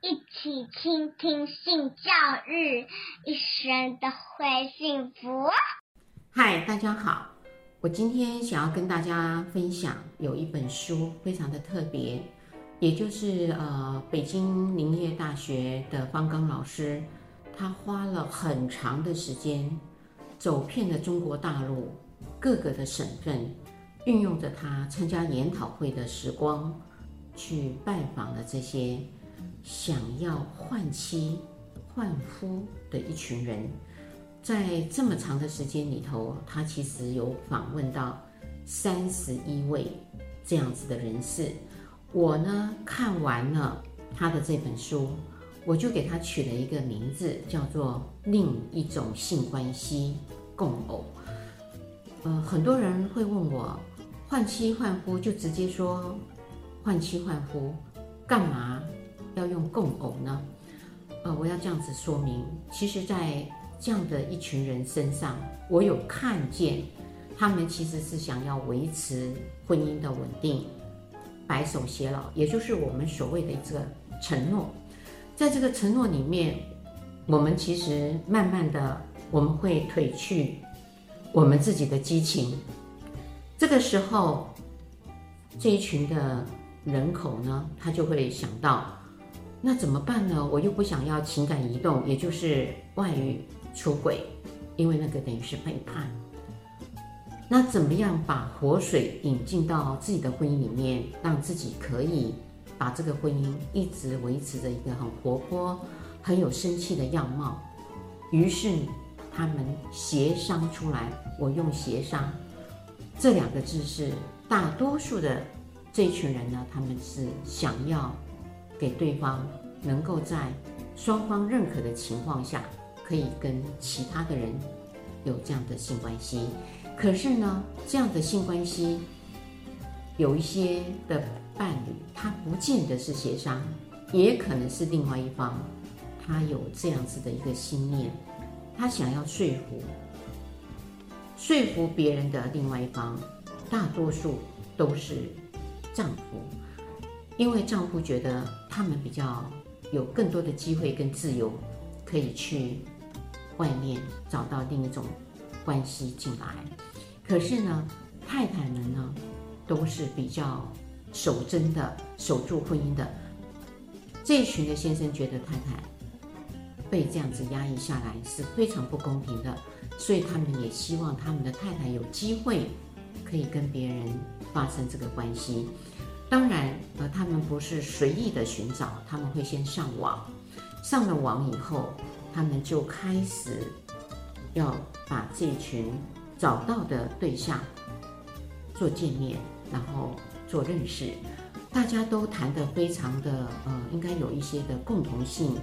一起傾聽性教育，一生都會幸福。嗨，大家好，我今天想要跟大家分享有一本書非常的特別，也就是呃，北京林業大學的方剛老師，他花了很長的時間，走遍了中國大陸各個的省份，運用着他參加研討會的時光，去拜訪了這些。想要換妻換夫的一群人，在這麼長的時間裡頭，他其實有訪問到三十一位這樣子的人士。我呢看完了他的這本書，我就給他取了一個名字，叫做《另一種性關係共偶》。呃，很多人會問我，換妻換夫就直接說換妻換夫幹嘛？用共偶呢？呃，我要這樣子說明，其實，在這樣的一群人身上，我有看見他們其實是想要維持婚姻的穩定，白首偕老，也就是我們所謂的這個承諾。在這個承諾裡面，我們其實慢慢的我們會褪去我們自己的激情，這個時候這一群的人口呢，他就會想到。那怎麼辦呢？我又不想要情感移動，也就是外遇、出軌，因為那個等於是背叛。那怎麼樣把活水引進到自己的婚姻裡面，讓自己可以把這個婚姻一直維持着一個很活潑、很有生氣的樣貌？於是他們協商出來，我用“協商”這兩個字，是大多數的這群人呢，他們是想要。給對方能夠在雙方認可的情況下，可以跟其他的人有這樣的性關係。可是呢，這樣的性關係有一些的伴侶，他不見得是協商，也可能是另外一方他有這樣子的一個心念，他想要說服說服別人的另外一方，大多數都是丈夫，因為丈夫覺得。他們比較有更多的機會跟自由，可以去外面找到另一種關係進來。可是呢，太太們呢都是比較守貞的，守住婚姻的。這一群的先生覺得太太被這樣子壓抑下來是非常不公平的，所以他們也希望他們的太太有機會可以跟別人發生這個關係。當然，呃，他們不是隨意的尋找，他們會先上網，上了網以後，他們就開始要把這群找到的對象做見面，然後做認識，大家都談得非常的，呃，應該有一些的共同性，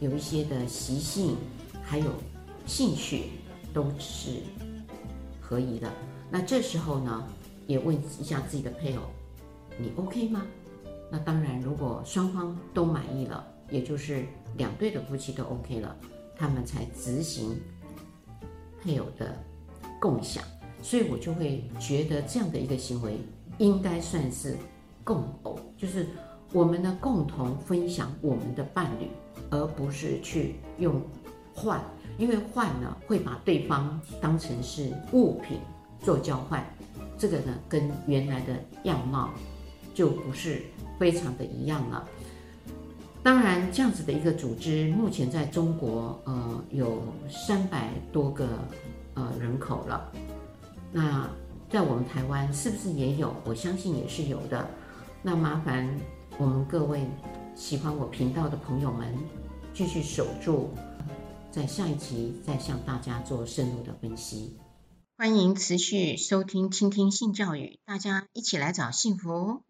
有一些的習性，還有興趣都是可以的。那這時候呢，也問一下自己的配偶，你 OK 嗎？那當然，如果雙方都滿意了，也就是兩對的夫妻都 OK 了，他們才執行配偶的共享。所以我就會覺得這樣的一個行為應該算是共偶，就是我們呢共同分享我們的伴侶，而不是去用換，因為換呢會把對方當成是物品做交換。這個呢跟原來的樣貌。就不是非常的一樣了。當然，這樣子的一個組織，目前在中國，呃，有三百多個呃人口了。那在我們台灣是不是也有？我相信也是有的。那麻煩我們各位喜歡我頻道的朋友們，繼續守住，在下一集再向大家做深入的分析。歡迎持續收聽《傾聽性教育》，大家一起來找幸福哦。